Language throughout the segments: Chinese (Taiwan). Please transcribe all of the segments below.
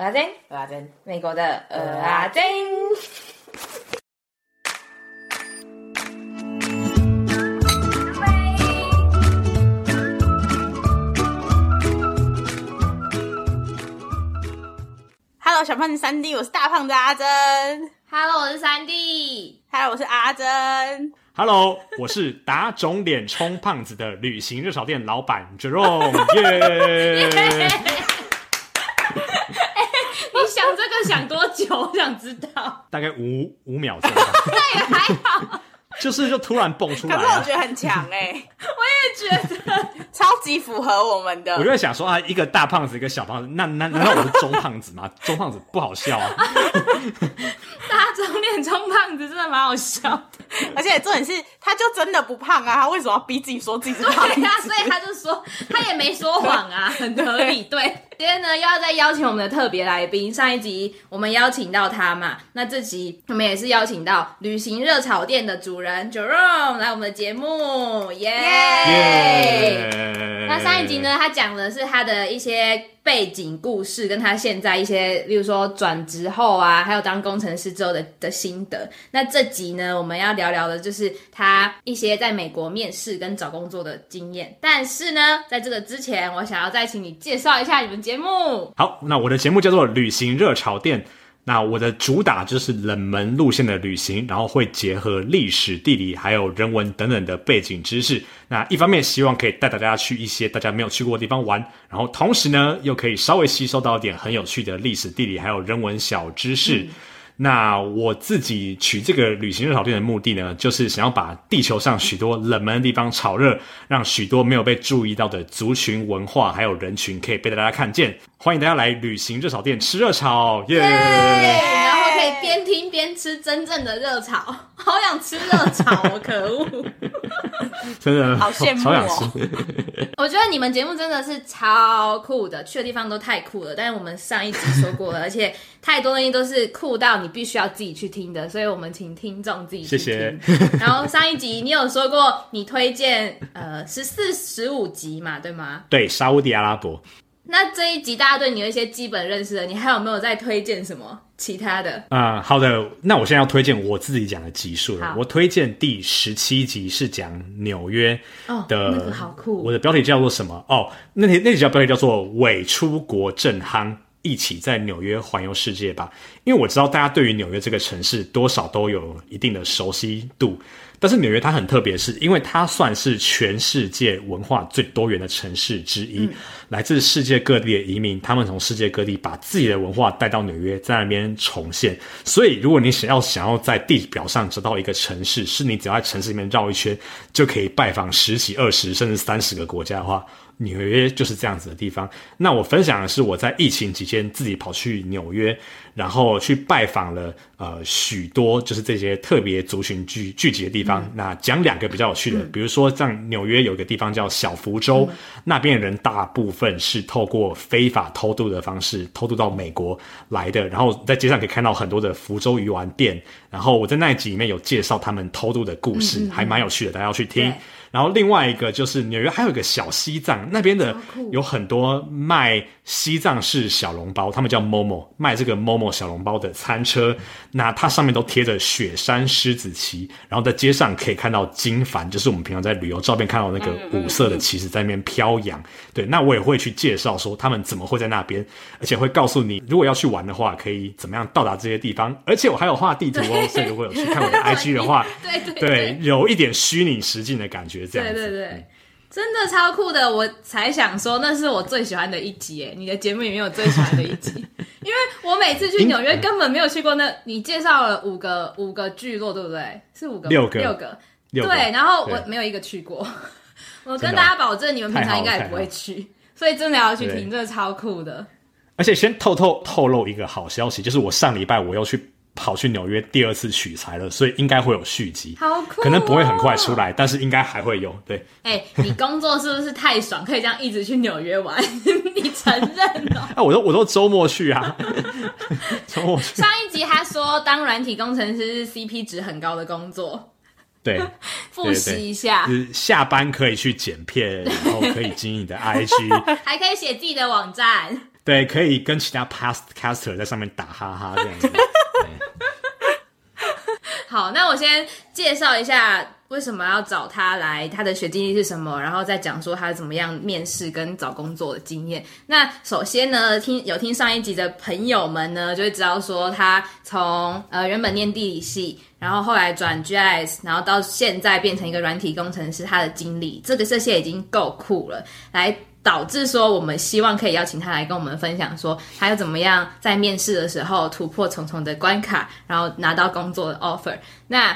俄阿珍，俄阿珍，美國的阿珍。乾杯。Hello，小胖子三弟，我是大胖子阿珍。Hello，我是三弟。Hello，我是阿珍。 Hello，我是打腫臉充胖子的旅行熱炒店老板 Jerome。耶、yeah!。 Yeah! 我想知道大概五五秒鐘。 那也還好， 就是就突然蹦出來，可是我覺得很強哎、欸， 我也覺得超級符合我們的。我就想說啊，一個大胖子，一個小胖子，那那難道我是中胖子嗎？ 中胖子不好笑啊， 大中年中胖子真的蠻好笑的， 而且重點是，他就真的不胖啊，他為什麼要逼自己說自己胖？對啊，所以他就說他也沒說謊啊， 對 很合理對。今天呢，又要再邀請我們的特別來賓。上一集我們邀請到他嘛，那這集我們也是邀請到旅行熱炒店的主人 Jerome 來我們的節目，耶！Yeah！Yeah. Yeah. 那上一集呢，他講的是他的一些。背景故事跟他現在一些，例如說轉職後啊，還有當工程師之後的的心得。那這集呢，我們要聊聊的就是他一些在美國面試跟找工作的經驗。但是呢，在這個之前，我想要再請你介紹一下你們節目。好，那我的節目叫做《旅行熱炒店》。那我的主打就是冷門路線的旅行，然後會結合歷史、地理還有人文等等的背景知識。那一方面希望可以帶大家去一些大家沒有去過的地方玩，然後同時呢又可以稍微吸收到一點很有趣的歷史、地理還有人文小知識。嗯那我自己取這個旅行熱炒店的目的呢，就是想要把地球上許多冷門的地方炒熱，讓許多沒有被注意到的族群文化還有人群可以被大家看見。歡迎大家來旅行熱炒店吃熱炒，耶、yeah！可以邊聽邊吃真正的熱炒，好想吃熱炒喔， 可惡惡！真的，好羨慕喔。我覺得你們節目真的是超酷的，去的地方都太酷了。但是我們上一集說過了， 而且太多東西都是酷到你必須要自己去聽的，所以我們請聽眾自己去聽。謝謝。然後上一集你有說過你推薦呃十四十五集嘛，對嗎？對，沙烏地阿拉伯。那這一集大家對你有一些基本認識的，你還有沒有在推薦什麼其他的？啊、呃，好的，那我現在要推薦我自己講的集數了。好我推薦第十七集是講紐約的。哦，那個好酷，我的標題叫做什麼？哦，那個、那幾個標題叫做“偽出國震撼”。一起在紐約環遊世界吧，因為我知道大家對於紐約這個城市多少都有一定的熟悉度。但是紐約它很特別，是因為它算是全世界文化最多元的城市之一。來自世界各地的移民，他們從世界各地把自己的文化帶到紐約，在那邊重現。所以，如果你想要想要在地表上找到一個城市，是你只要在城市裡面繞一圈就可以拜訪十幾、二十甚至三十個國家的話。紐約就是這樣子的地方。那我分享的是我在疫情期間自己跑去紐約，然後去拜訪了呃許多就是這些特別族群聚聚集的地方。嗯、那講兩個比較有趣的，比如說像紐約有一個地方叫小福州，嗯、那邊的人大部分是透過非法偷渡的方式偷渡到美國來的，然後在街上可以看到很多的福州魚丸店。然後我在那一集裡面有介紹他們偷渡的故事，嗯嗯還蠻有趣的，大家要去聽。然後另外一個就是紐約，還有一個小西藏那邊的，有很多賣。西藏式小籠包，他們叫 MOMO momo 賣這個 MOMO 小籠包的餐車，那它上面都貼着雪山獅子旗，然後在街上可以看到經幡。就是我們平常在旅遊照片看到那個五色的旗子在那邊飄揚。嗯嗯對，那我也會去介紹說他們怎麼會在那邊，而且會告訴你如果要去玩的話可以怎麼樣到達這些地方，而且我還有畫地圖哦。所以如果有去看我的 IG 的話， 對對，對，對，對，有一點虛擬實境的感覺，這樣子。對對對。真的超酷的，我才想說那是我最喜歡的一集。哎，你的節目裡面我最喜歡的一集， 因為我每次去紐約根本沒有去過那。英你介紹了五個五個聚落，對不對？是五個六個六個，六個對。然後我沒有一個去過，對我跟大家保證，你們平常應該也不會去，所以真的要去聽，真的超酷的。而且先透透透露一個好消息，就是我上禮拜我要去。跑去紐約第二次取材了，所以應該會有續集，好哦、可能不會很快出來，但是應該還會有。對，哎、欸，你工作是不是太爽，可以這樣一直去紐約玩？ 你承認了、哦？哎、啊，我都我都周末去啊，周 末去。上一集他說，當軟體工程師是 CP 值很高的工作。對， 複習一下，就是下班可以去剪片，然後可以經營你的 IG， 還可以寫自己的網站。對，可以跟其他 podcaster 在上面打哈哈這樣子。 對好，那我先介紹一下為什麼要找他來，他的學經歷是什麼，然後再講說他怎麼樣面試跟找工作的經驗。那首先呢，聽有聽上一集的朋友們呢，就會知道說他從呃原本念地理系，然後後來轉 GIS，然後到現在變成一個軟體工程師，他的經歷這個這些已經夠酷了。來。導致說，我們希望可以邀請他來跟我們分享，說他又怎麼樣在面試的時候突破重重的關卡，然後拿到工作的 offer。那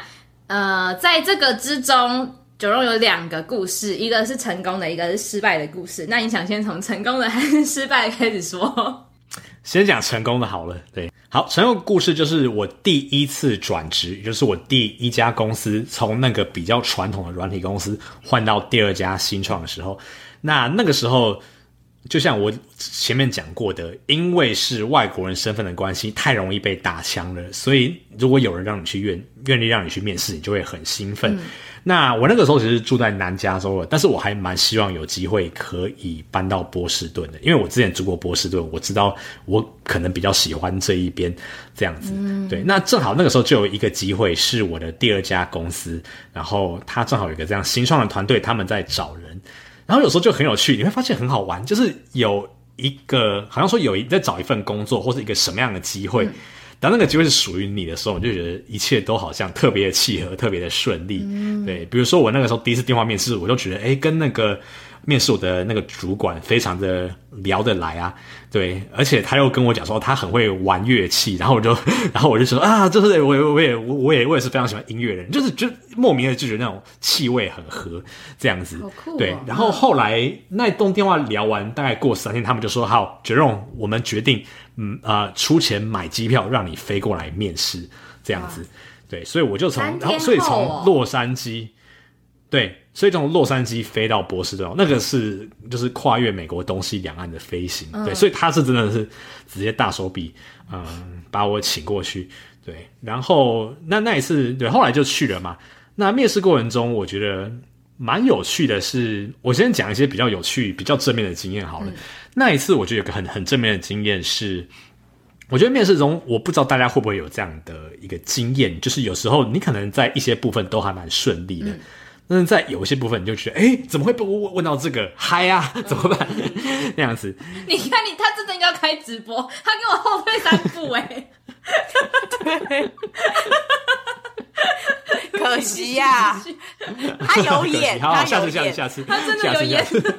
呃，在這個之中，Jerome 有兩個故事，一個是成功的，一個是失敗的故事。那你想先從成功的還是失敗的開始說？先講成功的好了。對，好，成功的故事就是我第一次轉職，也就是我第一家公司從那個比較傳統的軟體公司換到第二家新創的時候。那那個時候，就像我前面講過的，因為是外國人身份的關係，太容易被打槍了。所以，如果有人讓你去願願意讓你去面試，你就會很興奮。嗯、那我那個時候其實住在南加州了，但是我還蠻希望有機會可以搬到波士頓的，因為我之前住過波士頓，我知道我可能比較喜歡這一邊這樣子。嗯、對，那正好那個時候就有一個機會，是我的第二家公司，然後他正好有一個這樣新創的團隊，他們在找人。然後有時候就很有趣，你會發現很好玩，就是有一個好像說有一在找一份工作或是一個什麼樣的機會，當那個機會是屬於你的時候，你、嗯、就覺得一切都好像特別的契合，特別的順利。嗯、對，比如說我那個時候第一次電話面試，我就覺得，誒，跟那個。面試我的那個主管非常的聊得來啊，對，而且他又跟我講說、哦、他很會玩樂器，然後我就，然後我就說啊，就是我，也我也，我，也，我也是非常喜歡音樂人，就是就莫名的就覺得那種氣味很合這樣子，好酷哦、對。然後後來、嗯、那一通電話聊完，大概過三天，他們就說好 Jerome 我們決定，嗯啊，出、呃、錢買機票讓你飛過來面試這樣子，嗯、對，所以我就從，後哦、然後所以從洛杉磯。對，所以從洛杉磯飛到波士頓，那個是就是跨越美國東西兩岸的飛行。嗯、對，所以他是真的是直接大手筆，嗯，把我請過去。對，然後那那一次，對，後來就去了嘛。那面試過程中，我覺得蠻有趣的是。是我先講一些比較有趣、比較正面的經驗好了。嗯、那一次，我覺得有個很很正面的經驗是，我覺得面試中我不知道大家會不會有這樣的一個經驗，就是有時候你可能在一些部分都還蠻順利的。嗯但是在有一些部分你就覺得，哎、欸，怎麼會被問問到這個嗨啊？怎麼辦？嗯、 那樣子？你看你，你他真的應該要開直播，他給我後退三步，哎，可惜呀、啊， 他有眼演，好好他演下，次下，次下次，下次，下，次下次，下次，他真的有演，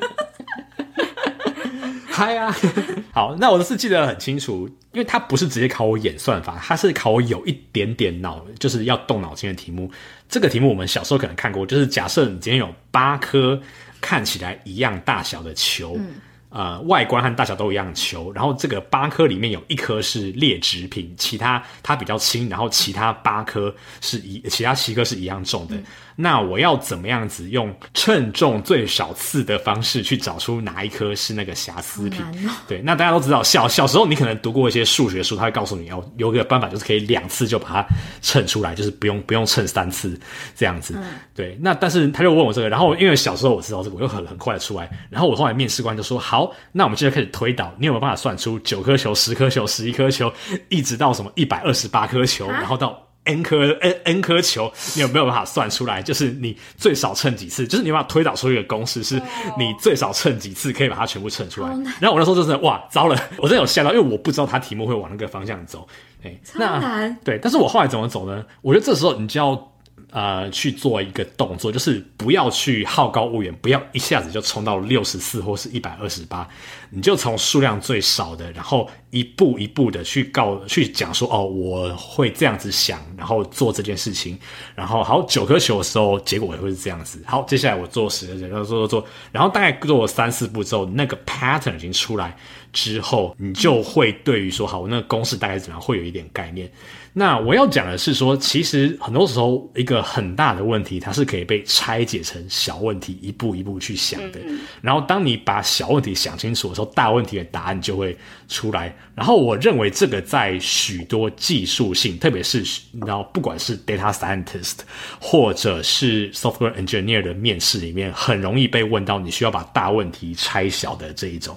嗨啊！ 好，那我是記得很清楚，因為他不是直接考我演算法，他是考我有一點點腦，就是要動腦筋的題目。這個題目我們小時候可能看過，就是假設你今天有八顆看起來一樣大小的球，嗯呃，外觀和大小都一樣的球，然後這個八顆裡面有一顆是劣質品，其他它比較輕，然後其他八顆是一其他七顆是一樣重的。嗯那我要怎麼樣子用稱重最少次的方式去找出哪一顆是那個瑕疵品，啊？對，那大家都知道，小小時候你可能讀過一些數學書，他會告訴你要、哦、有個辦法就是可以兩次就把它稱出來，就是不用不用稱三次這樣子。嗯、對，那但是他就問我這個，然後因為小時候我知道這個，我又很很快的出來，然後我後來面試官就說：“好，那我們現在開始推導，你有沒有辦法算出九顆球、十顆球、十一顆球，一直到什麼一百二十八顆球，啊、然後到。” n 顆 n n 顆球，你有沒有辦法算出來？就是你最少稱幾次？就是你有辦法推導出一個公式，是你最少稱幾次可以把它全部稱出來？然後我那時候就是哇，糟了，我真的有嚇到，因為我不知道他題目會往那個方向走。哎、欸，超難那。對，但是我後來怎麼走呢？我覺得這時候你就要。呃，去做一個動作，就是不要去好高騖遠，不要一下子就衝到六十四或是一百二十八，你就從數量最少的，然後一步一步的去告去講說，哦，我會這樣子想，然後做這件事情，然後好，九顆球的時候，結果也會是這樣子。好，接下來我做十個，然後做做做，然後大概做三四步之後，那個 pattern 已經出來之後，你就會對於說，好，我那個公式大概怎麼樣，會有一點概念。那我要講的是說，其實很多時候一個很大的問題，它是可以被拆解成小問題，一步一步去想的。嗯嗯。然後，當你把小問題想清楚的時候，大問題的答案就會出來。然後我認為這個在許多技術性，特別是然後不管是 data scientist 或者是 software engineer 的面試裡面，很容易被問到你需要把大問題拆小的這一種，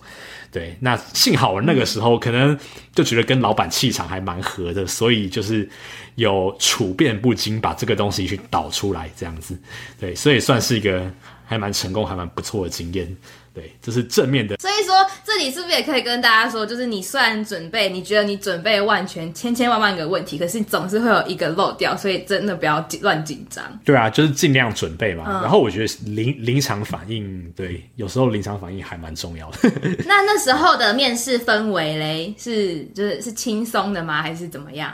對。那幸好我那個時候可能就覺得跟老板氣場還蠻合的，所以就是有處變不驚，把這個東西去導出來這樣子，對。所以算是一個還蠻成功、還蠻不錯的經驗。對，這是正面的。所以說，這裡是不是也可以跟大家說，就是你雖然準備，你覺得你準備萬全，千千萬萬個問題，可是你總是會有一個漏掉，所以真的不要緊亂緊張。對啊，就是盡量準備嘛。嗯、然後我覺得臨臨場反應，對，有時候臨場反應還蠻重要的。 那那時候的面試氛圍嘞，是就是是輕鬆的嗎？還是怎麼樣？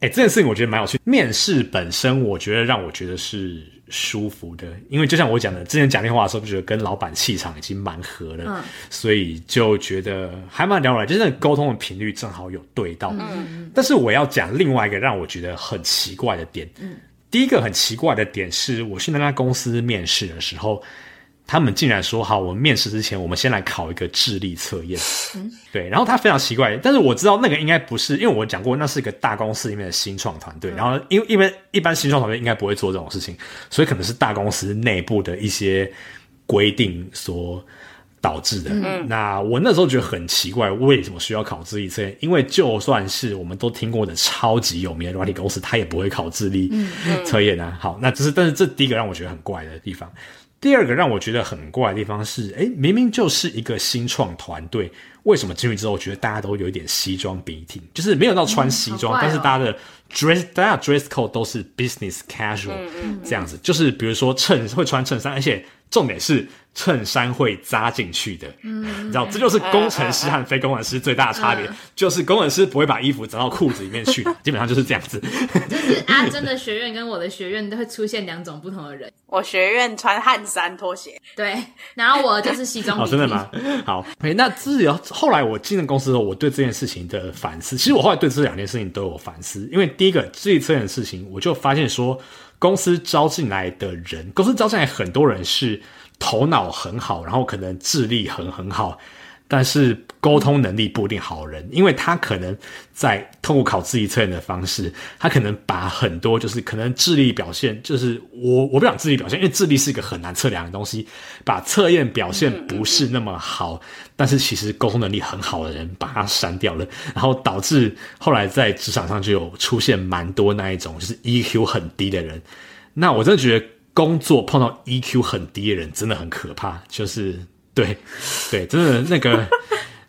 哎、欸，這件事情我覺得蠻有趣。面試本身，我覺得讓我覺得是舒服的，因為就像我講的，之前講電話的時候，就覺得跟老闆氣場已經蠻合了，嗯、所以就覺得還蠻聊得來，就是溝通的頻率正好有對到。嗯、但是我要講另外一個讓我覺得很奇怪的點，嗯、第一個很奇怪的點是，我去那家公司面試的時候。他們竟然說：“好，我們面試之前，我們先來考一個智力測驗。”對，然後他非常奇怪，但是我知道那個應該不是，因為我講過，那是一個大公司裡面的新創團隊。然後，因為一般一般新創團隊應該不會做這種事情，所以可能是大公司內部的一些規定所導致的。嗯、那我那時候覺得很奇怪，為什麼需要考智力測驗？因為就算是我們都聽過的超級有名的軟體公司，他也不會考智力測驗啊。好，那只、就是，但是這第一個讓我覺得很怪的地方。第二個讓我覺得很怪的地方是，哎，明明就是一個新創團隊，為什麼進去之後，我覺得大家都有一點西裝筆挺，就是沒有到穿西裝，嗯哦、但是大家的 dress，大家 dress code 都是 business casual，嗯、這樣子，嗯、就是比如說襯會穿襯衫，而且。重點是襯衫會扎進去的，嗯、你知道，這就是工程師和非工程師最大的差別，呃呃、就是工程師不會把衣服整到褲子裡面去， 基本上就是這樣子。就是阿珍的學院跟我的學院都會出現兩種不同的人， 我學院穿汗衫拖鞋，對，然後我就是西裝筆挺、哦、真的嗎？好，欸、那至於後來我進了公司後，我對這件事情的反思，其實我後來對這兩件事情都有反思，因為第一個至於這件事情，我就發現說。公司招進來的人，公司招進來很多人是頭腦很好，然後可能智力很很好，但是。溝通能力不一定好人，因為他可能在通過考智力測驗的方式，他可能把很多就是可能智力表現，就是我我不想智力表現，因為智力是一個很難測量的東西，把測驗表現不是那麼好，嗯嗯嗯，但是其實溝通能力很好的人把他刪掉了，然後導致後來在職場上就有出現蠻多那一種就是 EQ 很低的人。那我真的覺得工作碰到 EQ 很低的人真的很可怕，就是對對，真的那個。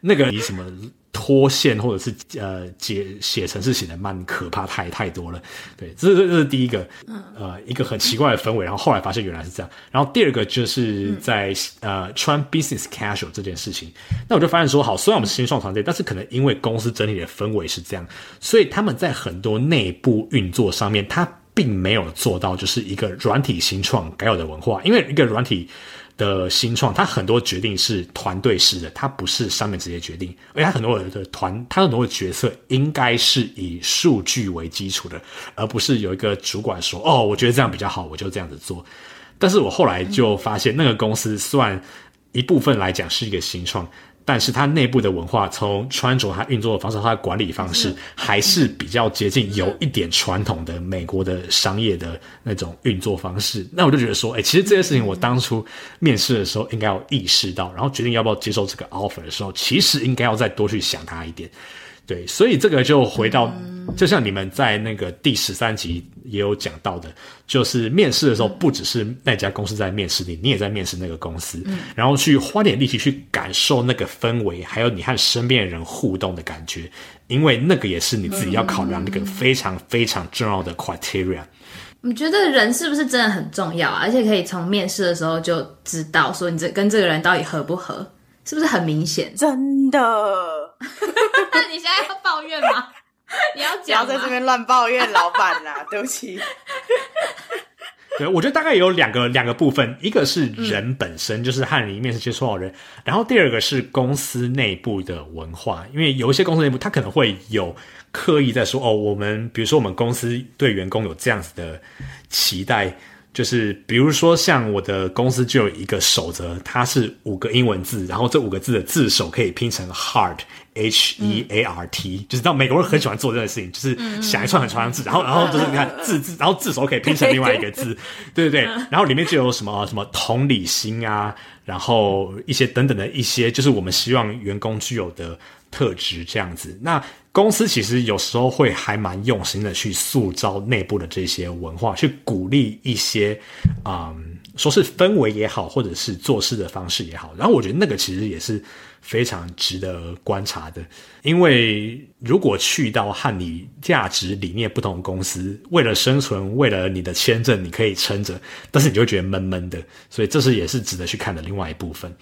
那個以什麼脫線，或者是呃寫寫程式寫得慢可怕太太多了，對，這這這是第一個，呃，一個很奇怪的氛圍。然後後來發現原來是這樣。然後第二個就是在、嗯、呃穿 business casual 這件事情，那我就發現說，好，雖然我們是新創團隊，但是可能因為公司整體的氛圍是這樣，所以他們在很多內部運作上面，他並沒有做到就是一個軟體新創該有的文化，因為一個軟體。的新創，他很多決定是團隊式的，他不是上面直接決定，而且他很多的團，他很多的決策應該是以數據為基礎的，而不是有一個主管說，哦，我覺得這樣比較好，我就這樣子做。但是我後來就發現，那個公司算一部分來講是一個新創。但是它內部的文化，從穿着、它運作的方式、它的管理方式，還是比較接近有一點傳統的美國的商業的那種運作方式。那我就覺得說，哎、欸，其實這件事情我當初面試的時候應該要意識到，然後決定要不要接受這個 offer 的時候，其實應該要再多去想它一點。對，所以這個就回到，嗯、就像你們在那個第十三集也有講到的，就是面試的時候，不只是那家公司在面試你，你也在面試那個公司，嗯、然後去花點力氣去感受那個氛圍，還有你和身邊的人互動的感覺，因為那個也是你自己要考量的那個非常非常重要的 criteria。你覺得人是不是真的很重要啊？而且可以從面試的時候就知道，說你這跟這個人到底合不合，是不是很明顯？真的。那 你現在要抱怨嗎？你要你要在這邊亂抱怨 老闆啦、啊、對不起。對，我覺得大概有兩個兩個部分，一個是人本身，嗯、就是你面試接觸到的人；然後第二個是公司內部的文化，因為有一些公司內部，他可能會有刻意在說哦，我們比如說我們公司對員工有這樣子的期待，就是比如說像我的公司就有一個守則，它是五個英文字，然後這五個字的字首可以拼成 hard。H E A R T、嗯、就是知道美國人很喜歡做這件事情，就是想一串很長的字，嗯、然後然後就是你看字字，然後字首可以拼成另外一個字， 對不對？然後裡面就有什麼什麼同理心啊，然後一些等等的一些，就是我們希望員工具有的特質這樣子。那公司其實有時候會還蠻用心的去塑造內部的這些文化，去鼓勵一些啊、嗯，說是氛圍也好，或者是做事的方式也好。然後我覺得那個其實也是。非常值得觀察的，因為如果去到和你價值理念不同的公司，為了生存，為了你的簽證，你可以撐着，但是你就覺得悶悶的。所以這是也是值得去看的另外一部分。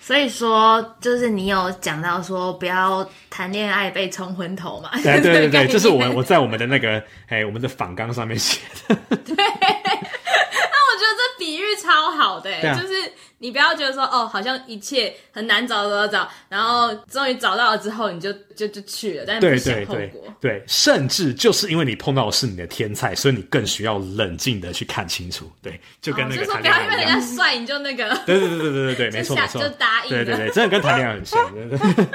所以說，就是你有講到說不要談戀愛被沖昏頭嘛、啊？對對對對，這就是我我在我們的那個哎我們的訪綱上面寫的。那、啊、我覺得這比喻超好的、欸，啊、就是。你不要覺得說哦，好像一切很難找，找找找，然後終於找到了之後，你就就就去了，但是不顯後果。對對對對。對，甚至就是因為你碰到的是你的天菜，所以你更需要冷靜的去看清楚。對，就跟那個談戀愛一樣、哦就是、說不要因為人家帥你就那個。 對對對對對對下沒錯，沒錯就答應。對對對，真的跟談戀愛很像。對，對，對，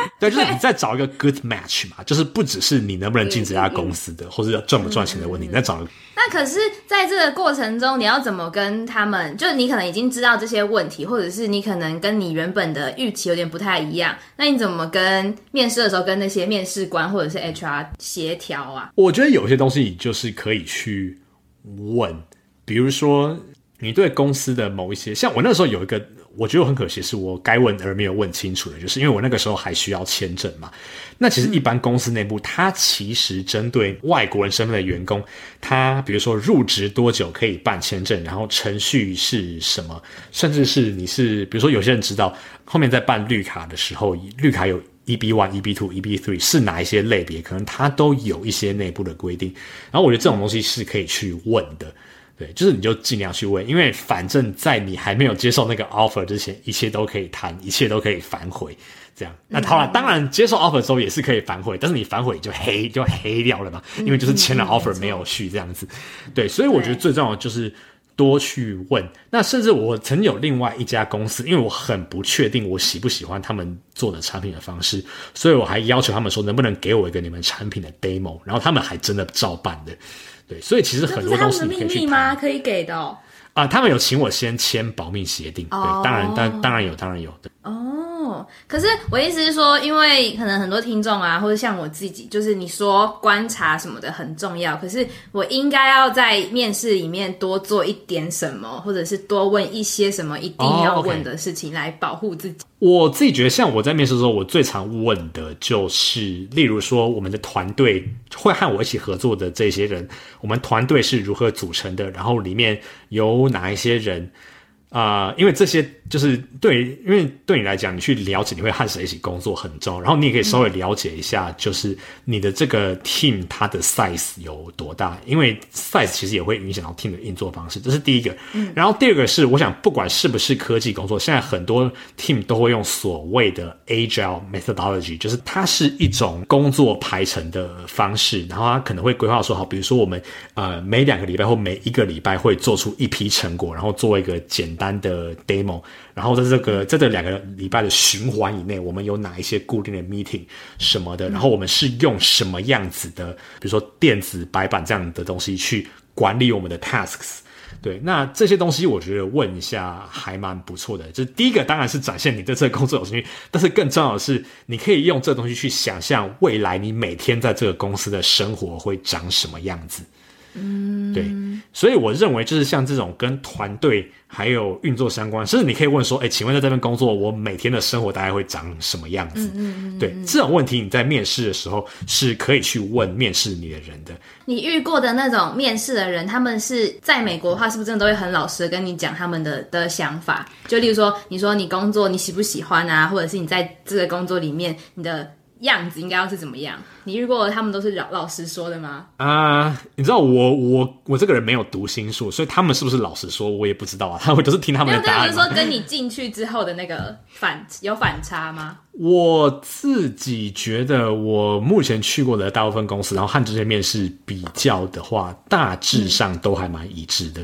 對，就是你在找一個 good match 嘛，就是不只是你能不能進這家公司的，嗯、或者賺不賺錢的問題，嗯、你在找。那可是，在這個過程中，你要怎麼跟他們？就是你可能已經知道這些問題，或者是你可能跟你原本的預期有點不太一樣。那你怎麼跟面試的時候跟那些面試官或者是 HR 協調啊？我覺得有些東西你就是可以去問，比如說你對公司的某一些，像我那時候有一個。我覺得很可惜，是我該問而沒有問清楚的，就是因為我那個時候還需要簽證嘛。那其實一般公司內部，它其實針對外國人身份的員工，他比如說入職多久可以辦簽證，然後程序是什麼，甚至是你是比如說有些人知道後面在辦綠卡的時候，綠卡有 EB one、EB two、EB three 是哪一些類別，可能它都有一些內部的規定。然後我覺得這種東西是可以去問的。對，就是你就盡量去問，因為反正在你還沒有接受那個 offer 之前，一切都可以談，一切都可以反悔，這樣。那好了，當然、嗯、當然接受 offer 的時候也是可以反悔，但是你反悔就黑就黑掉了嘛，因為就是簽了 offer 沒有續、嗯、錯這樣子。對，所以我覺得最重要的就是多去問。對那甚至我曾有另外一家公司，因為我很不確定我喜不喜歡他們做的產品的方式，所以我還要求他們說能不能給我一個你們產品的 demo，然後他們還真的照辦的。對，所以其實很多東西你可以去談，可以給的啊、哦呃。他們有請我先簽保密協定，哦、對，當然，當然當然有，當然有。可是我意思是說，因為可能很多聽眾啊，或者像我自己，就是你說觀察什麼的很重要。可是我應該要在面試裡面多做一點什麼，或者是多問一些什麼一定要問的事情，來保護自己。Oh, okay. 我自己覺得，像我在面試的時候，我最常問的就是，例如說，我們的團隊會和我一起合作的這些人，我們團隊是如何組成的，然後裡面有哪一些人啊、呃，因為這些。就是對，因為對你來講，你去了解你會和誰一起工作很重要。然後你也可以稍微了解一下，就是你的這個 team 它的 size 有多大，因為 size 其實也會影響到 team 的運作方式。這是第一個。然後第二個是，我想不管是不是科技工作，現在很多 team 都會用所謂的 agile methodology，就是它是一種工作排程的方式。然後它可能會規劃說，好，比如說我們，呃，每兩個禮拜或每一個禮拜會做出一批成果，然後做一個簡單的 demo。然後在這個在這兩個禮拜的循環以內，我們有哪一些固定的 meeting 什麼的？然後我們是用什麼樣子的，比如說電子白板這樣的東西去管理我們的 tasks。對，那這些東西我覺得問一下還蠻不錯的。就是第一個當然是展現你對這個工作有興趣，但是更重要的是，你可以用這東西去想象未來你每天在這個公司的生活會長什麼樣子。嗯，對，所以我認為就是像這種跟團隊還有運作相關，甚至你可以問說，哎，請問在這邊工作，我每天的生活大概會長什麼樣子？嗯，對，這種問題你在面試的時候是可以去問面試你的人的。你遇過的那種面試的人，他們是在美國的話，是不是真的都會很老實的跟你講他們的的想法？就例如說，你說你工作你喜不喜歡啊，或者是你在這個工作裡面你的。樣子應該要是怎麼樣？你遇過他們都是老老實說的嗎？啊，uh, 你知道我我我這個人沒有讀心術，所以他們是不是老實說，我也不知道啊。他們都是聽他們的答案。就是說，跟你進去之後的那個反有反差嗎？ 我自己覺得，我目前去過的大部分公司，然後和這些面試比較的話，大致上都還蠻一致的。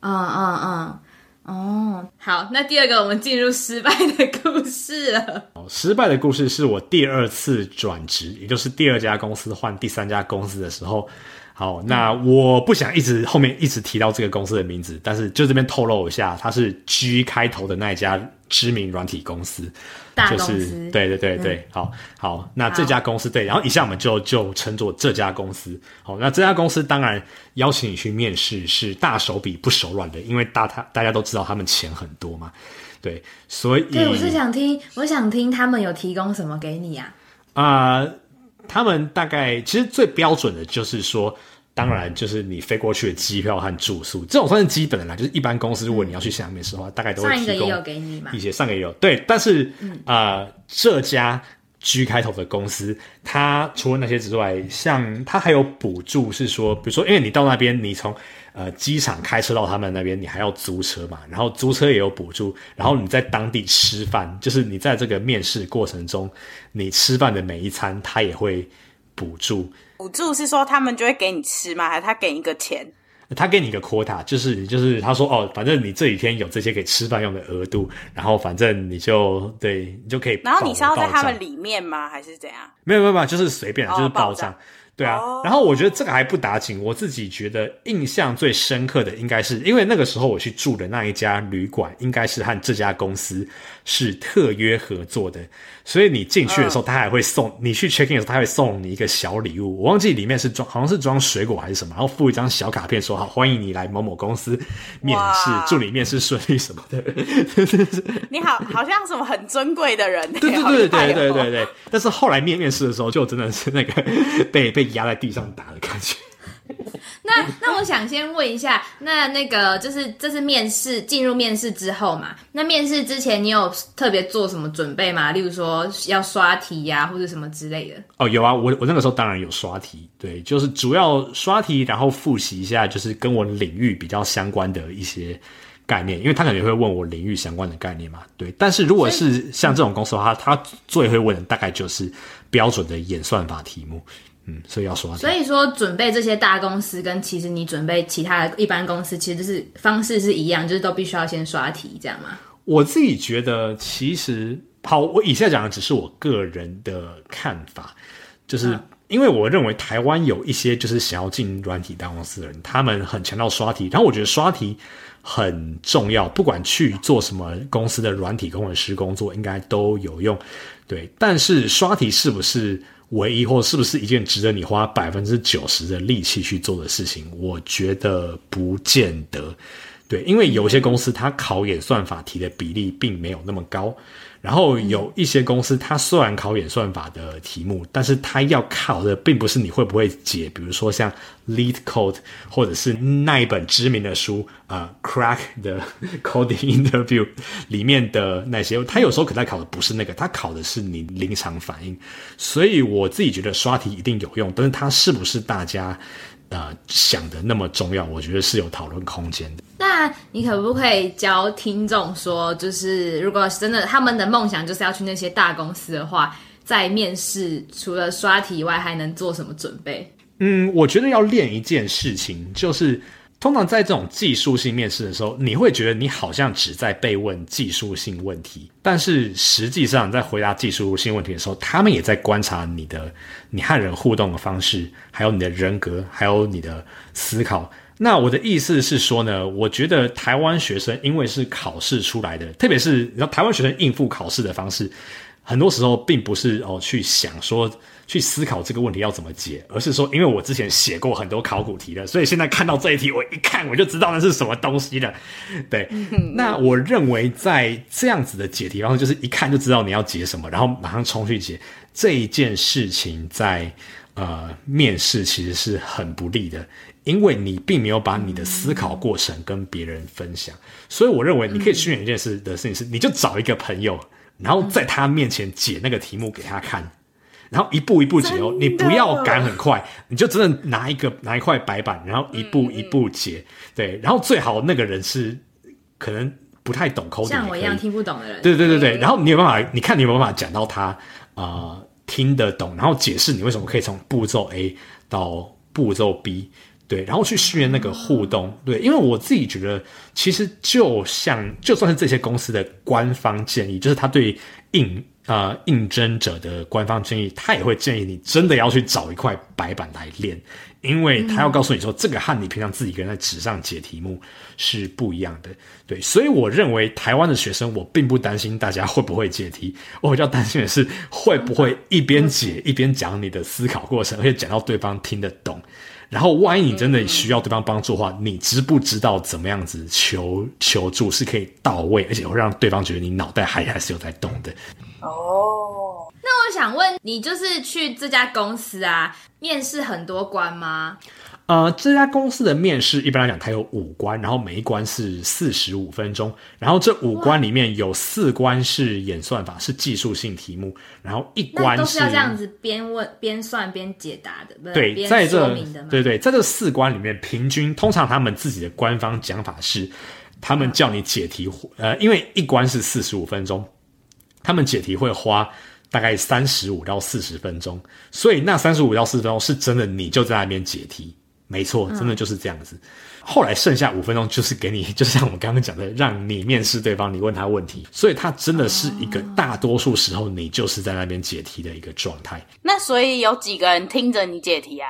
啊啊啊！嗯嗯哦，oh. 好，那第二個我們進入失敗的故事了。哦，失敗的故事是我第二次轉職，也就是第二家公司換第三家公司的時候。好，那我不想一直、嗯、後面一直提到這個公司的名字，但是就這邊透露一下，它是 G 開頭的那一家知名軟體公司，大公司、就是，對對對對，嗯、好，好，那這家公司好對，然後以下我們就就稱作這家公司，好，那這家公司當然邀請你去面試是大手筆不手軟的，因為大他大家都知道他們錢很多嘛，對，所以對我是想聽，我想聽他們有提供什麼給你啊？啊、呃。他們大概其實最標準的就是說，當然就是你飛過去的機票和住宿，嗯、這種算是基本的啦。就是一般公司如果你要去下面試的話，嗯、大概都會提供。一些上個也有給你嘛。以及上個也有，對，但是啊、嗯呃，這家 G 開頭的公司，它除了那些之外，像它還有補助，是說，比如說，因為你到那邊，你從。呃，機場開車到他們那邊，你還要租車嘛？然後租車也有補助，然後你在當地吃飯，嗯、就是你在這個面試過程中，你吃飯的每一餐他也會補助。補助是說他們就會給你吃嗎？還是他給你一個錢？他給你一個 quota，就是就是他說哦，反正你這幾天有這些可以吃飯用的額度，然後反正你就對你就可以。然後你是要在他們裡面嗎？還是怎樣？沒有沒有沒有，就是隨便，爆炸就是報帳。對啊，然後我覺得這個還不打緊，我自己覺得印象最深刻的應該是，因為那個時候我去住的那一家旅館，應該是和這家公司是特約合作的。所以你進去的時候，他還會送你去 check in 的時候，他會送你一個小禮物。我忘記裡面是裝，好像是裝水果還是什麼，然後附一張小卡片，說好歡迎你來某某公司面試哇，祝你面試順利什麼的。你好 好像什麼很尊貴的人，對對對對對對對，對。 但是後來面面試的時候，就真的是那個被被壓在地上打的感覺。 那那我想先問一下，那那個就是這是面試進入面試之後嘛？那面試之前你有特別做什麼準備嗎？例如說要刷題呀、啊，或者什麼之類的？哦，有啊，我我那個時候當然有刷題，對，就是主要刷題，然後複習一下，就是跟我領域比較相關的一些概念，因為他可能會問我領域相關的概念嘛，對。但是如果是像這種公司的話，以他，他最會問的大概就是標準的演算法題目。嗯，所以要刷題。所以說，準備這些大公司跟其實你準備其他的一般公司，其實就是方式是一樣，就是都必須要先刷題，這樣嗎？我自己覺得，其實好，我以下講的只是我個人的看法，就是因為我認為台灣有一些就是想要進軟體大公司的人，他們很強調刷題，然後我覺得刷題很重要，不管去做什麼公司的軟體工程師工作，應該都有用，對。但是刷題是不是？唯一或是不是一件值得你花百分之九十的力氣去做的事情？我覺得不見得，對，因為有些公司它考演算法題的比例並沒有那麼高。然後有一些公司，它雖然考演算法的題目，但是它要考的並不是你會不會解，比如說像 LeetCode 或者是那一本知名的書啊，呃《Crack the Coding Interview》裡面的那些，它有時候可能考的不是那個，它考的是你臨場反應。所以我自己覺得刷題一定有用，但是它是不是大家？呃，想得那麼重要，我覺得是有討論空間的。那你可不可以教聽眾說，就是如果真的他們的夢想就是要去那些大公司的話，在面試除了刷題以外，還能做什麼準備？嗯，我覺得要練一件事情，就是。通常在這種技術性面試的時候，你會覺得你好像只在被問技術性問題，但是實際上在回答技術性問題的時候，他們也在觀察你的你和人互動的方式，還有你的人格，還有你的思考。那我的意思是說呢，我覺得台灣學生因為是考試出來的，特別是你知道台灣學生應付考試的方式。很多時候並不是哦，去想說去思考這個問題要怎麼解，而是說，因為我之前寫過很多考古題的，所以現在看到這一題，我一看我就知道那是什麼東西了。對，嗯、哼那我認為在這樣子的解題方式，然後就是一看就知道你要解什麼，然後馬上衝去解這一件事情在，在呃面試其實是很不利的，因為你並沒有把你的思考過程跟別人分享。所以我認為你可以訓練一件事的事情是，嗯、你就找一個朋友。然後在他面前解那個題目給他看，嗯、然後一步一步解哦，的你不要趕很快，你就真的拿一個拿一塊白板，然後一步一步解。嗯、對，然後最好那個人是可能不太懂 coding，像我一樣聽不懂的人。對對對對，嗯、然後你有辦法，你看你有，有辦法講到他啊、呃、聽得懂，然後解釋你為什麼可以從步驟 A 到步驟 B。對，然後去訓練那個互動。嗯、對，因為我自己覺得，其實就像就算是這些公司的官方建議，就是他對應啊、呃、應徵者的官方建議，他也會建議你真的要去找一塊白板來練，因為他要告訴你說，嗯、這個和你平常自己一個人在紙上解題目是不一樣的。對，所以我認為台灣的學生，我並不擔心大家會不會解題，我比較擔心的是會不會一邊解一邊講你的思考過程，嗯、而且講到對方聽得懂。然後，萬一你真的需要對方幫助的話，嗯、你知不知道怎麼樣子求求助是可以到位，而且會讓對方覺得你腦袋還還是有在動的。哦，那我想問你，就是去這家公司啊，面試很多關嗎？呃，這家公司的面試一般來講，它有五關，然後每一關是四十五分鐘，然後這五關裡面有四關是演算法，哇是技術性題目，然後一關是都是要這樣子邊問邊算邊解答的。對，在這對對，在這四關裡面，平均通常他們自己的官方講法是，他們叫你解題，嗯、呃，因為一關是四十五分鐘，他們解題會花大概三十五到四十分鐘，所以那三十五到四十分鐘是真的，你就在那邊解題。沒錯，真的就是這樣子。嗯、後來剩下五分鐘就是給你，就像我們剛剛講的，讓你面試對方，你問他問題。所以他真的是一個大多數時候你就是在那邊解題的一個狀態。嗯、那所以有幾個人聽着你解題啊？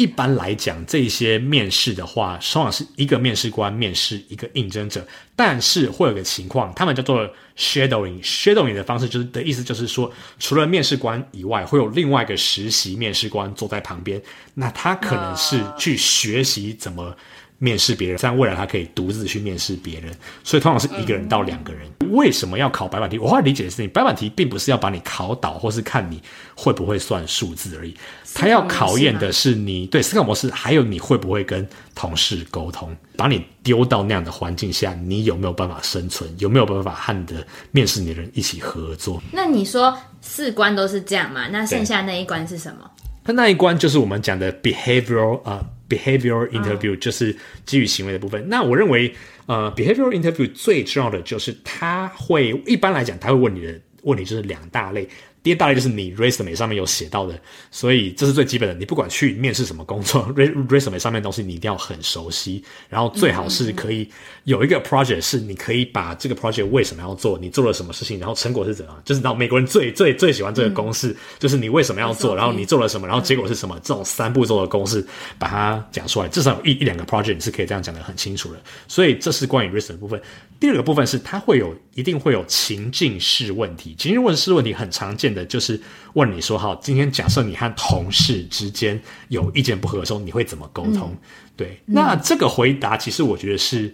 一般來講，這些面試的話，往往是一個面試官面試一個應徵者。但是會有個情況，他們叫做 shadowing。Shadowing 的方式就是的意思就是說，除了面試官以外，會有另外一個實習面試官坐在旁邊。那他可能是去學習怎麼。面試別人，但未來他可以獨自去面試別人，所以通常是一個人到兩個人。嗯嗯，為什麼要考白板題？我會理解的是，你白板題並不是要把你考倒，或是看你會不會算數字而已。他要考驗的是你對思考模式，還有你會不會跟同事溝通。把你丟到那樣的環境下，你有沒有辦法生存？有沒有辦法和你的面試你的人一起合作？那你說四關都是這樣嘛？那剩下的那一關是什麼？那那一關就是我們講的 behavioral 啊、呃。behavioral interview，啊，就是基於行為的部分。那我認為，呃，behavioral interview 最重要的就是，他會一般來講，他會問你的問題就是兩大類。第二大類就是你 resume 上面有寫到的，所以這是最基本的。你不管去面試什麼工作 Re，resume 上面的東西你一定要很熟悉。然後最好是可以有一個 project，是你可以把這個 project 為什麼要做，你做了什麼事情，然後成果是怎樣，就是讓美國人最，最最最喜歡這個公式，嗯、就是你為什麼要做，saw 然後你做了什麼，然後結果是什麼，這種三步驟的公式把它講出來。至少有一一兩個 project 是可以這樣講得很清楚的。所以這是關於 resume 部分。第二個部分是它會有一定會有情境式問題，情境式問題很常見。的就是問你說：“哈，今天假設你和同事之間有意見不合的時候，你會怎麼溝通？”嗯、對，那這個回答其實我覺得是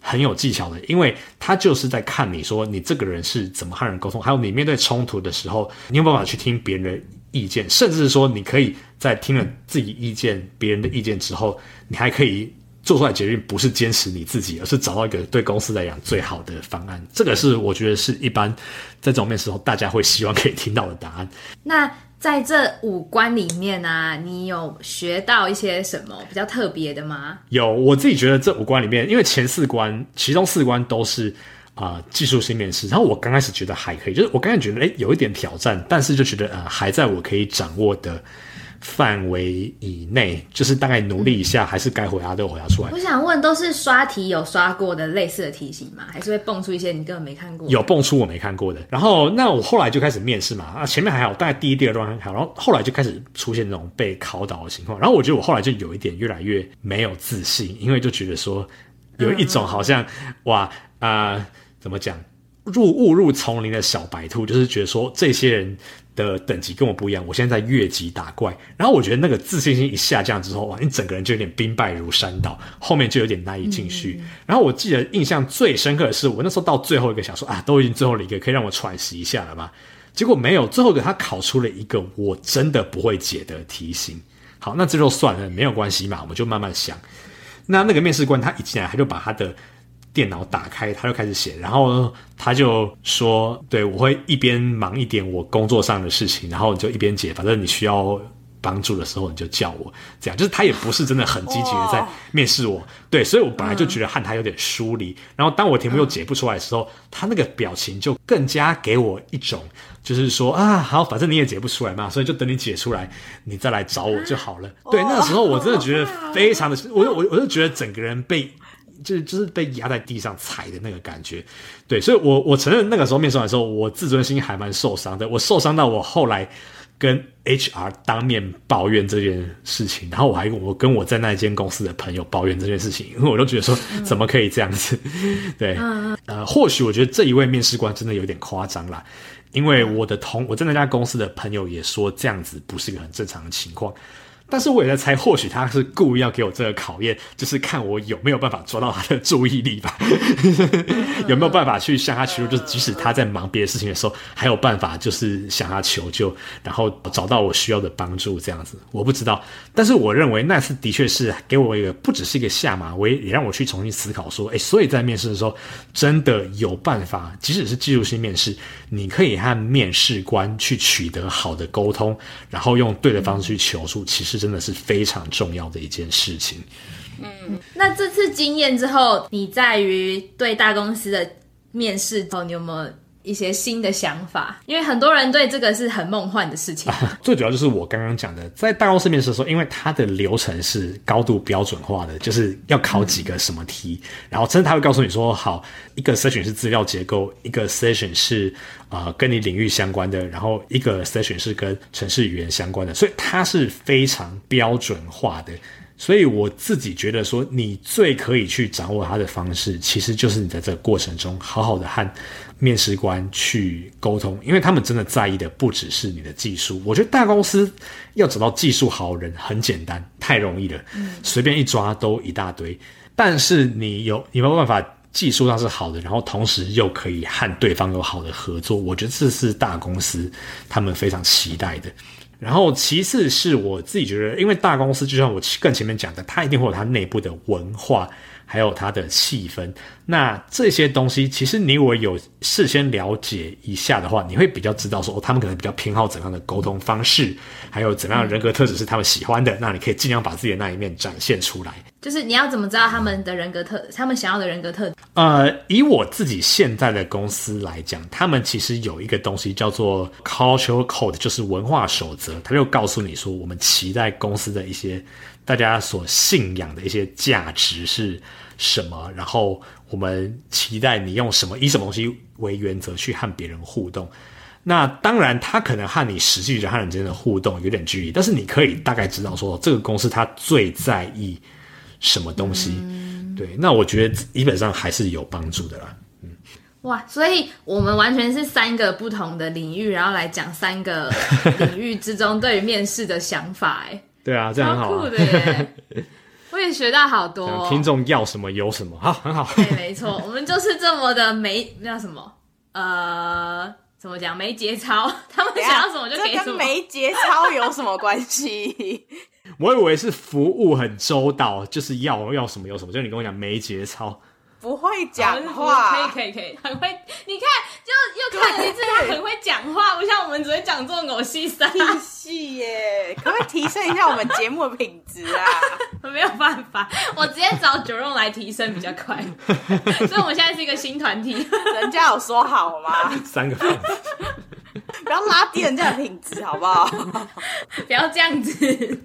很有技巧的，因為他就是在看你說你這個人是怎麼和人溝通，還有你面對衝突的時候，你有辦法去聽別人的意見，甚至是說你可以在聽了自己意見、別人的意見之後，你還可以。做出來決定不是堅持你自己，而是找到一個對公司來講最好的方案。這個是我覺得是一般在這種面試中大家會希望可以聽到的答案。那在這五關裡面呢、啊，你有學到一些什麼比較特別的嗎？有，我自己覺得這五關裡面，因為前四關其中四關都是啊、呃、技術性面試，然後我剛開始覺得還可以，就是我剛開始覺得誒有一點挑戰，但是就覺得呃還在我可以掌握的。範圍以內，就是大概努力一下，嗯、還是該回答都回答出來。我想問，都是刷題有刷過的類似的題型嗎？還是會蹦出一些你根本沒看過？有蹦出我沒看過的。然後，那我後來就開始面試嘛，啊，前面還好，大概第一、第二段還好，然後後來就開始出現那種被考倒的情況。然後，我覺得我後來就有一點越來越沒有自信，因為就覺得說有一種好像嗯嗯哇啊、呃，怎麼講，入誤入叢林的小白兔，就是覺得說這些人。的等級跟我不一樣，我現在在越級打怪，然後我覺得那個自信心一下降之後，哇，你整個人就有點兵敗如山倒，後面就有點難以繼續。嗯、然後我記得印象最深刻的是，我那時候到最後一個想說啊，都已經最後了一個，可以讓我喘息一下了吧？結果沒有，最後一個他考出了一個我真的不會解的題型。好，那這就算了，沒有關係嘛，我們就慢慢想。那那個面試官他一進來，他就把他的。電腦打開，他就開始寫，然後呢，他就說：“對我會一邊忙一點我工作上的事情，然後你就一邊解，反正你需要幫助的時候你就叫我。”這樣就是他也不是真的很積極的在面試我，哇對，所以我本來就覺得和他有點疏離。嗯、然後當我題目又解不出來的時候，他那個表情就更加給我一種就是說：“啊，好，反正你也解不出來嘛，所以就等你解出來，你再來找我就好了。哦”對，那個時候我真的覺得非常的，我我我就覺得整個人被。就就是被壓在地上踩的那個感覺，對，所以我我承認那個時候面試完的時候，我自尊心還蠻受傷的。我受傷到我後來跟 HR 當面抱怨這件事情，然後我還我跟我在那間公司的朋友抱怨這件事情，因為我都覺得說怎麼可以這樣子，對，呃，或許我覺得這一位面試官真的有點誇張啦，因為我的同我在那家公司的朋友也說這樣子不是一個很正常的情況。但是我也在猜，或許他是故意要給我這個考驗，就是看我有沒有辦法抓到他的注意力吧？ 有沒有辦法去向他求助？就是即使他在忙別的事情的時候，還有辦法就是向他求救，然後找到我需要的幫助這樣子。我不知道，但是我認為那次的確是給我一個不只是一個下馬威，也讓我去重新思考說：哎、欸，所以在面試的時候，真的有辦法，即使是技術性面試，你可以和面試官去取得好的溝通，然後用對的方式去求助。嗯、其實。真的是非常重要的一件事情。嗯，那這次經驗之後，你在於對大公司的面試，你有沒有一些新的想法，因為很多人對這個是很夢幻的事情。Uh, 最主要就是我剛剛講的，在大公司面試的時候，因為它的流程是高度標準化的，就是要考幾個什麼題，嗯、然後真的他會告訴你說，好，一個 session 是資料結構，一個 session 是啊、呃、跟你領域相關的，然後一個 session 是跟程式語言相關的，所以它是非常標準化的。所以我自己覺得說，你最可以去掌握它的方式，其實就是你在這個過程中好好的和。面試官去溝通，因為他們真的在意的不只是你的技術。我覺得大公司要找到技術好人很簡單，太容易了，隨便一抓都一大堆。但是你有，你沒有辦法技術上是好的，然後同時又可以和對方有好的合作。我覺得這是大公司他們非常期待的。然後其次是我自己覺得，因為大公司就像我更前面講的，它一定會有它內部的文化。還有他的氣氛，那這些東西其實你我有事先了解一下的話，你會比較知道說，哦，他們可能比較偏好怎樣的溝通方式，還有怎樣的人格特質是他們喜歡的。嗯、那你可以盡量把自己的那一面展現出來。就是你要怎麼知道他們的人格特，嗯、他們想要的人格特質？呃，以我自己現在的公司來講，他們其實有一個東西叫做 cultural code，就是文化守則，他就告訴你說，我們期待公司的一些。大家所信仰的一些價值是什麼？然後我們期待你用什麼以什麼東西為原則去和別人互動。那當然，他可能和你實際人和人之間的互動有點距離，但是你可以大概知道說這個公司他最在意什麼東西。嗯、對，那我覺得基本上還是有幫助的啦。嗯，哇，所以我們完全是三個不同的領域，然後來講三個領域之中 對於面試的想法。哎。對啊，這樣很好啊。酷的 我也學到好多。聽眾要什麼有什麼，好，很好。 對，沒錯，我們就是這麼的沒那叫什麼，呃，怎麼講，沒節操。他們想要什麼就可以。跟沒節操有什麼關係？ 我以為是服務很周到，就是要要什麼有什麼，就你跟我講沒節操。不會講話、哦，可以可以可以，很會。你看，就又看了一次，對他很會講話，不像我們只會講做偶戲、三戲耶。可不可以提升一下我們節目的品質啊？我 沒有辦法，我直接找 Jerome、er、來提升比較快。 所以我們現在是一個新團體， 人家有說好嗎？三個粉絲。不要拉低人家的品質，好不好？ 不要這樣子。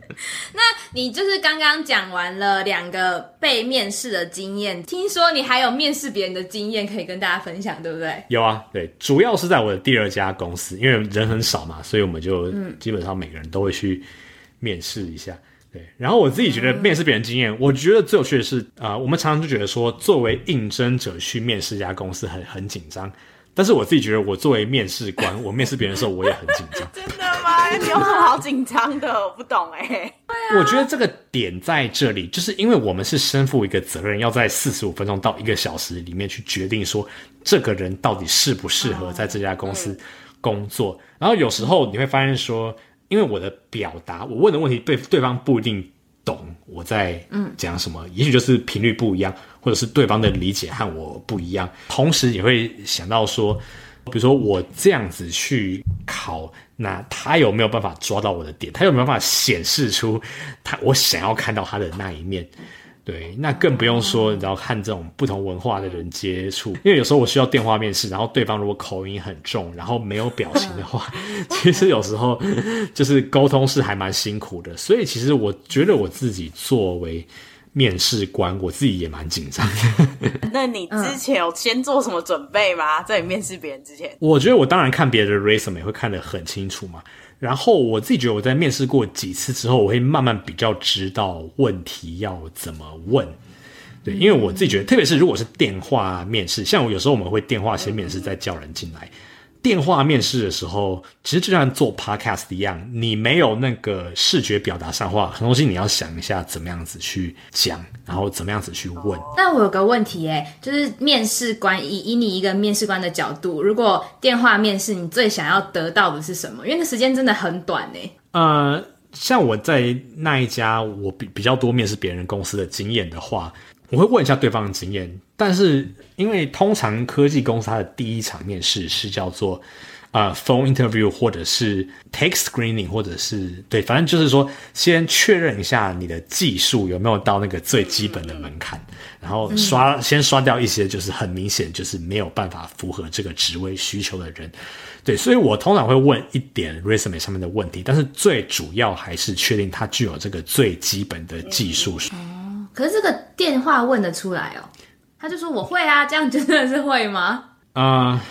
那你就是剛剛講完了兩個被面試的經驗，聽說你還有面試別人的經驗可以跟大家分享，對不對？有啊，對，主要是在我的第二家公司，因為人很少嘛，所以我們就基本上每個人都會去面試一下。對，然後我自己覺得面試別人的經驗，嗯、我覺得最有趣的是啊、呃，我們常常就覺得說，作為應徵者去面試一家公司很很緊張。但是我自己覺得，我作為面試官，我面試別人的時候，我也很緊張。 真的嗎？你有什麼好緊張的，我不懂哎、欸。對 我覺得這個點在這裡，就是因為我們是身負一個責任，要在四十五分鐘到一個小時裡面去決定說這個人到底適不適合在這家公司工作。哦、然後有時候你會發現說，因為我的表達，我問的問題對對方不一定懂我在講什麼，嗯、也許就是頻率不一樣。或者是對方的理解和我不一樣，同時也會想到說，比如說我這樣子去考，那他有沒有辦法抓到我的點？他有沒有辦法顯示出他我想要看到他的那一面？對，那更不用說你知道看這種不同文化的人接觸，因為有時候我需要電話面試，然後對方如果口音很重，然後沒有表情的話，其實有時候就是溝通是還蠻辛苦的。所以其實我覺得我自己作為。面試官，我自己也蠻緊張的 那你之前有先做什麼準備嗎？在你面試別人之前，我覺得我當然看別人的 resume 也會看得很清楚嘛。然後我自己覺得我在面試過幾次之後，我會慢慢比較知道問題要怎麼問。對，因為我自己覺得，嗯、特別是如果是電話面試，像我有時候我們會電話先面試，再叫人進來。電話面試的時候，其實就像做 podcast 一樣，你沒有那個視覺表達上話，很多東西你要想一下怎麼樣子去講，然後怎麼樣子去問。但我有個問題耶，就是面試官以，以你一個面試官的角度，如果電話面試，你最想要得到的是什麼？因為那時間真的很短呢。呃，像我在那一家我比，比較多面試別人公司的經驗的話。我會問一下對方的經驗，但是因為通常科技公司它的第一場面試是，是叫做，呃，phone interview，或者是 tech screening，或者是對，反正就是說先確認一下你的技術有沒有到那個最基本的門檻，然後刷，先刷掉一些就是很明顯就是沒有辦法符合這個職位需求的人，對，所以我通常會問一點 resume 上面的問題，但是最主要還是確定它具有這個最基本的技術。可是這個電話問得出來哦，他就說我會啊，這樣真的是會嗎？啊、呃，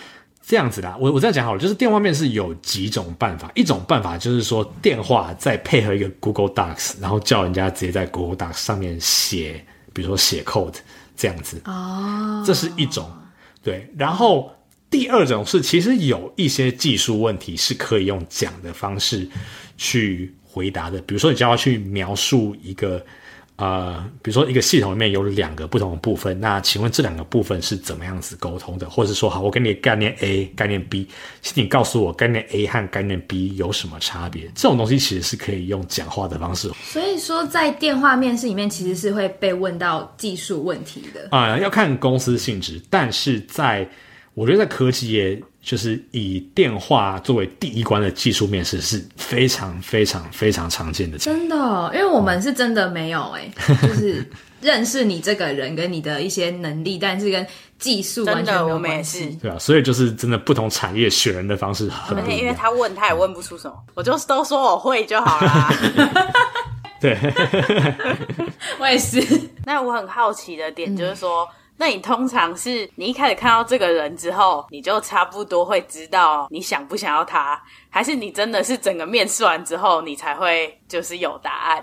這樣子啦，我我這樣講好了，就是電話面試有幾種辦法，一種辦法就是說電話再配合一個 Google Docs，然後叫人家直接在 Google Docs 上面寫，比如說寫 code 這樣子哦，這是一種對，然後第二種是其實有一些技術問題是可以用講的方式去回答的，比如說你叫他去描述一個。呃，比如說一個系統裡面有兩個不同的部分，那請問這兩個部分是怎麼樣子溝通的？或者說，好，我給你概念 A，概念 B，請你告訴我概念 A 和概念 B 有什麼差別？這種東西其實是可以用講話的方式。所以說，在電話面試裡面其實是會被問到技術問題的。啊、呃，要看公司性質，但是在我覺得在科技業，就是以電話作為第一關的技術面試是非常非常非常常見的，真的、哦，因為我們是真的沒有哎、欸，嗯、就是認識你這個人跟你的一些能力， 但是跟技術完全沒有關係，真的，我們也是，對啊，所以就是真的不同產業選人的方式，好、嗯、而且因為他問他也問不出什麼，我就都說我會就好啦。 對， 我也是。那我很好奇的點就是說。嗯那你通常是你一開始看到這個人之後，你就差不多會知道你想不想要他，還是你真的是整個面試完之後，你才會就是有答案？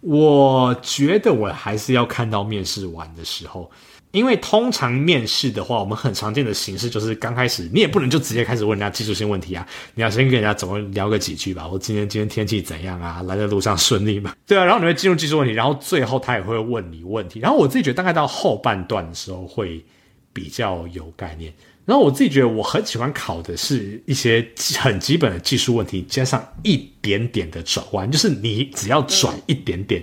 我覺得我還是要看到面試完的時候。因為通常面試的話，我們很常見的形式就是剛開始你也不能就直接開始問人家技術性問題啊，你要先跟人家怎麼聊個幾句吧，我今天今天天氣怎樣啊，來的路上順利嗎？對啊，然後你會進入技術問題，然後最後他也會問你問題，然後我自己覺得大概到後半段的時候會比較有概念，然後我自己覺得我很喜歡考的是一些很基本的技術問題，加上一點點的轉彎，就是你只要轉一點點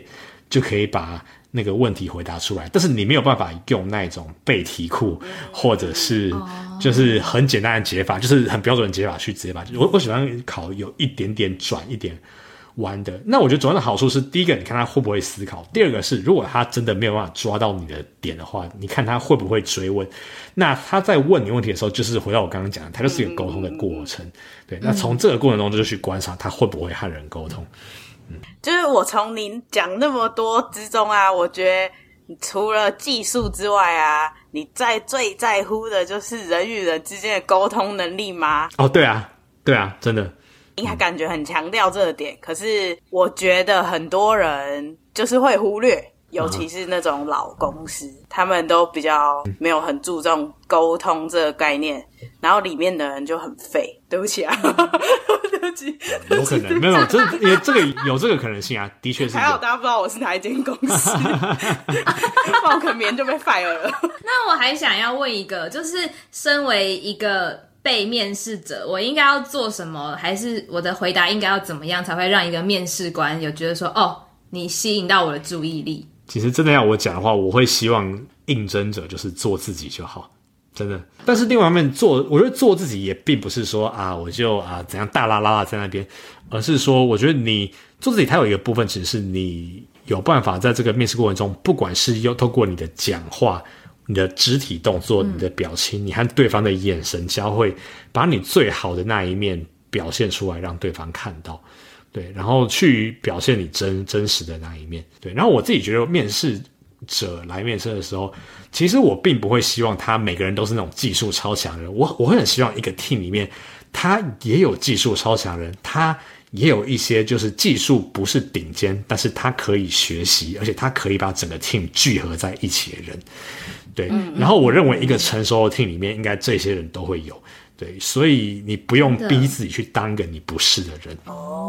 就可以把。那個問題回答出來，但是你沒有辦法用那種背題庫，或者是就是很簡單的解法，就是很標準的解法去解法。我我喜歡考有一點點轉一點彎的。那我覺得主要的好處是，第一個你看他會不會思考；第二個是，如果他真的沒有辦法抓到你的點的話，你看他會不會追問。那他在問你問題的時候，就是回到我剛剛講的，他就是一個溝通的過程。嗯、對，那從這個過程中就去觀察他會不會和人溝通。就是我從您講那麼多之中啊，我覺得除了技術之外啊，你在最在乎的就是人與人之間的溝通能力嗎？哦，對啊，對啊，真的。你還感覺很強調這點，可是我覺得很多人就是會忽略。尤其是那種老公司，嗯、他們都比較沒有很注重溝通這個概念，嗯、然後裡面的人就很廢。對不起啊， 對不起，對不起有可能沒有這， 因為這個有這個可能性啊，的確是有。還好大家不知道我是哪一間公司，報 個名就被 fire 了。那我還想要問一個，就是身為一個被面試者，我應該要做什麼，還是我的回答應該要怎麼樣，才會讓一個面試官有覺得說，哦，你吸引到我的注意力？其實真的要我講的話，我會希望應徵者就是做自己就好，真的。但是另外一方面，做我覺得做自己也並不是說啊，我就啊怎樣大啦啦啦在那邊，而是說，我覺得你做自己，它有一個部分，其實是你有辦法在這個面試過程中，不管是有透過你的講話、你的肢體動作、你的表情，你和對方的眼神交會，把你最好的那一面表現出來，讓對方看到。對，然後去表現你真真實的那一面。對，然後我自己覺得，面試者來面試的時候，其實我並不會希望他每個人都是那種技術超強的人。我我很希望一個 team 裡面，他也有技術超強的人，他也有一些就是技術不是頂尖，但是他可以學習，而且他可以把整個 team 聚合在一起的人。對，然後我認為一個成熟的 team 裡面，應該這些人都會有。對，所以你不用逼自己去當個你不是的人。真的。哦。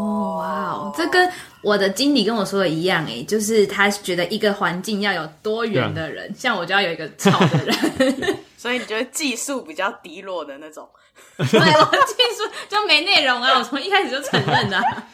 這跟我的經理跟我說的一樣，欸，哎，就是他覺得一個環境要有多元的人，Yeah. 像我就要有一個醜的人， 所以你覺得技術比較低落的那種， 對，我技術就沒內容啊，我從一開始就承認啊。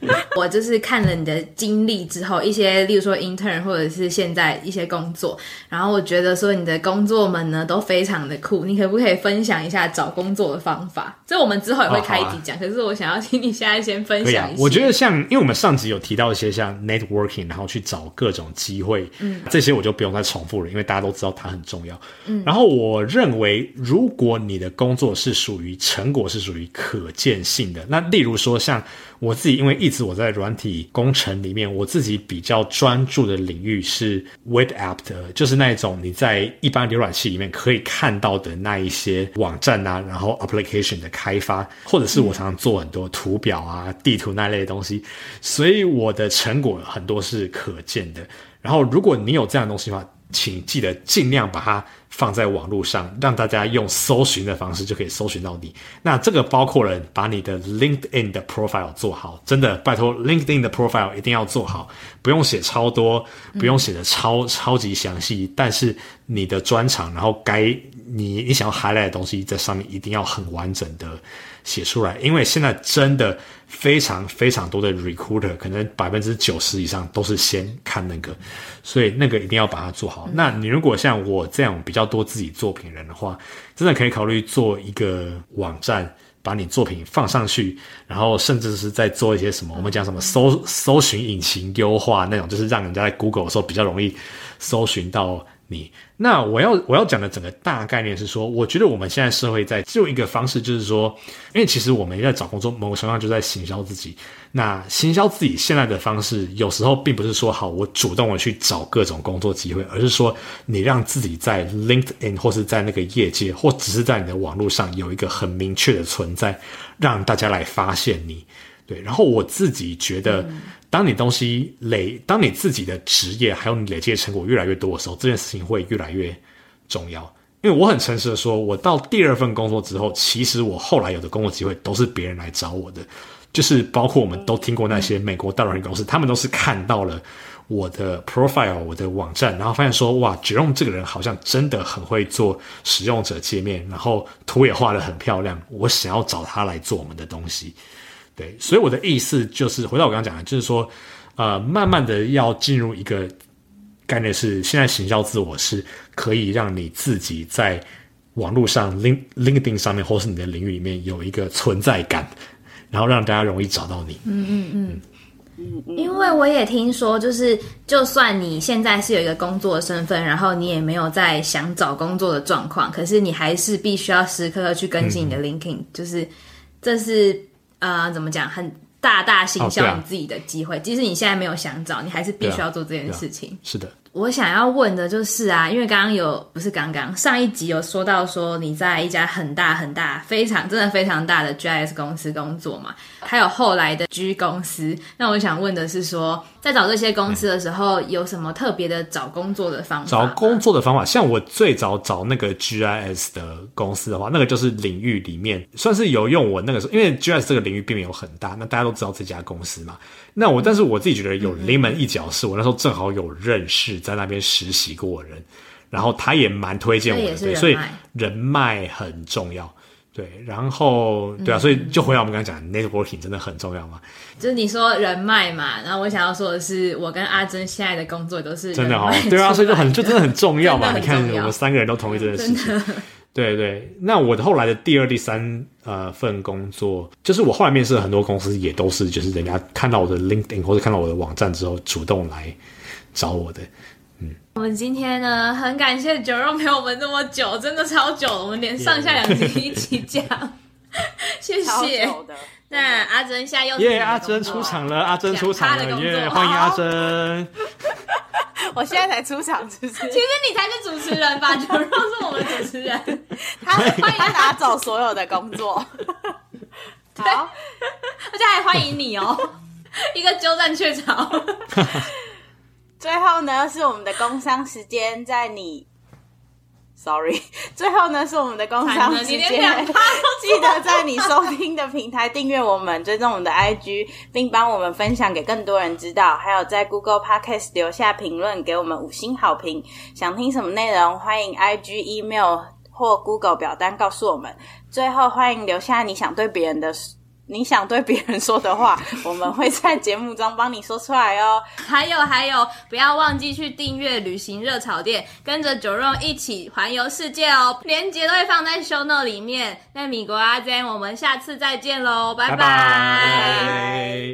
我就是看了你的經歷之後，一些例如說 intern 或者是現在一些工作，然後我覺得說你的工作們呢都非常的酷，你可不可以分享一下找工作的方法？這我們之後也會開一集講，哦，好啊，可是我想要聽你現在先分享一下。可以啊。我覺得像，因為我們上集有提到一些像 networking，然後去找各種機會，嗯，這些我就不用再重複了，因為大家都知道它很重要。嗯，然後我認為，如果你的工作是屬於成果是屬於可見性的，那例如說像。我自己因為一直我在軟體工程裡面，我自己比較專注的領域是 web app 的，就是那一種你在一般瀏覽器裡面可以看到的那一些網站啊，然後 application 的開發，或者是我常常做很多圖表啊、嗯、地圖那類的東西，所以我的成果很多是可見的。然後，如果你有這樣的東西的話，請記得儘量把它放在網絡上，讓大家用搜尋的方式就可以搜尋到你。那這個包括了把你的 LinkedIn 的 profile 做好，真的拜托，LinkedIn 的 profile 一定要做好，不用寫超多，不用寫的超超級詳細，嗯、但是你的專長，然後該你你想要 highlight 的東西在上面一定要很完整的寫出來，因為現在真的非常非常多的 recruiter 可能百分之九十以上都是先看那個，所以那個一定要把它做好。好，那你如果像我這樣比較多自己作品的人的話，真的可以考慮做一個網站，把你作品放上去，然後甚至是在做一些什麼，我們講什麼搜搜尋引擎優化那種，就是讓人家在 Google 的時候比較容易搜尋到。你那我要我要講的整個大概念是說，我覺得我們現在社會在只有一個方式，就是說，因為其實我們在找工作，某個程度上就在行銷自己。那行銷自己現在的方式，有時候並不是說，好，我主動的去找各種工作機會，而是說你讓自己在 LinkedIn 或是在那個業界，或只是在你的網絡上有一個很明確的存在，讓大家來發現你。對，然後我自己覺得，當你東西累，嗯、當你自己的職業還有你累積的成果越來越多的時候，這件事情會越來越重要。因為我很誠實的說，我到第二份工作之後，其實我後來有的工作機會都是別人來找我的，就是包括我們都聽過那些美國大軟件公司，嗯、他們都是看到了我的 profile、我的網站，然後發現說：“哇，Jerome 這個人好像真的很會做使用者界面，然後圖也畫得很漂亮，我想要找他來做我們的東西。”對，所以我的意思就是回到我剛剛講的，就是說，呃，慢慢的要進入一個概念是，現在行銷自我是可以讓你自己在網絡上，LinkedIn 上面或是你的領域裡面有一個存在感，然後讓大家容易找到你。嗯嗯嗯。嗯嗯，因為我也聽說，就是就算你現在是有一個工作的身份，然後你也沒有在想找工作的狀況，可是你還是必須要時刻刻去更新你的 LinkedIn，就是這是。呃，怎麼講，很大大行銷你自己的機會，哦啊、即使你現在沒有想找，你還是必須要做這件事情。啊啊、是的。我想要問的就是啊，因為剛剛有不是剛剛上一集有說到說你在一家很大很大非常真的非常大的 GIS 公司工作嘛，還有後來的 G 公司。那我想問的是說，在找這些公司的時候，有什麼特別的找工作的方法？找工作的方法，像我最早找那個 GIS 的公司的話，那個就是領域裡面算是有用。我那個時候，因為 GIS 這個領域並沒有很大，那大家都知道這家公司嘛。那我，但是我自己覺得有臨門一腳，是、嗯嗯、我那時候正好有認識在那邊實習過的人，然後他也蠻推薦我的人。對，所以人脈很重要。對，然後對啊，所以就回到我們剛才講、嗯、Networking 真的很重要嘛，就是你說人脈嘛，然後我想要說的是，我跟阿珍現在的工作都是的真的哈。哦，對啊，所以就很就真的很重要嘛，要你看我們三個人都同意這件事情。嗯對對，那我後來的第二、第三呃份工作，就是我後來面試的很多公司，也都是就是人家看到我的 LinkedIn 或者看到我的網站之後，主動來找我的。嗯，我們今天呢，很感謝 Jerome 陪我們這麼久，真的超久，我們連上下兩集一起講，Yeah. 謝謝。那、啊、阿珍現在又耶、啊！Yeah, 阿珍出場了，阿珍出場了，了耶 Yeah, 好歡迎阿珍。 我現在才出場是是，其實你才是主持人吧？就如 是我們主持人， 沒 他歡迎他拿走所有的工作。 好，現在 還歡迎你哦、喔， 一個鳩佔鵲巢。 最後呢，是我們的工商時間，在你。Sorry，最後呢，是我們的工商時間，記得在你收聽的平台訂閱 我們，追蹤我們的 IG，並幫我們分享給更多人知道。還有在 Google Podcast 留下評論，給我們五星好評。想聽什麼內容，歡迎 IG、Email 或 Google 表單告訴我們。最後，歡迎留下你想對別人的。你想對別人說的話， 我們會在節目中幫你說出來哦。 還有還有，不要忘記去訂閱旅行熱炒店，跟着 Jerome 一起環遊世界哦。鏈接都會放在 show note 裡面。那米國阿珍我們下次再見嘍，拜拜。拜拜拜拜。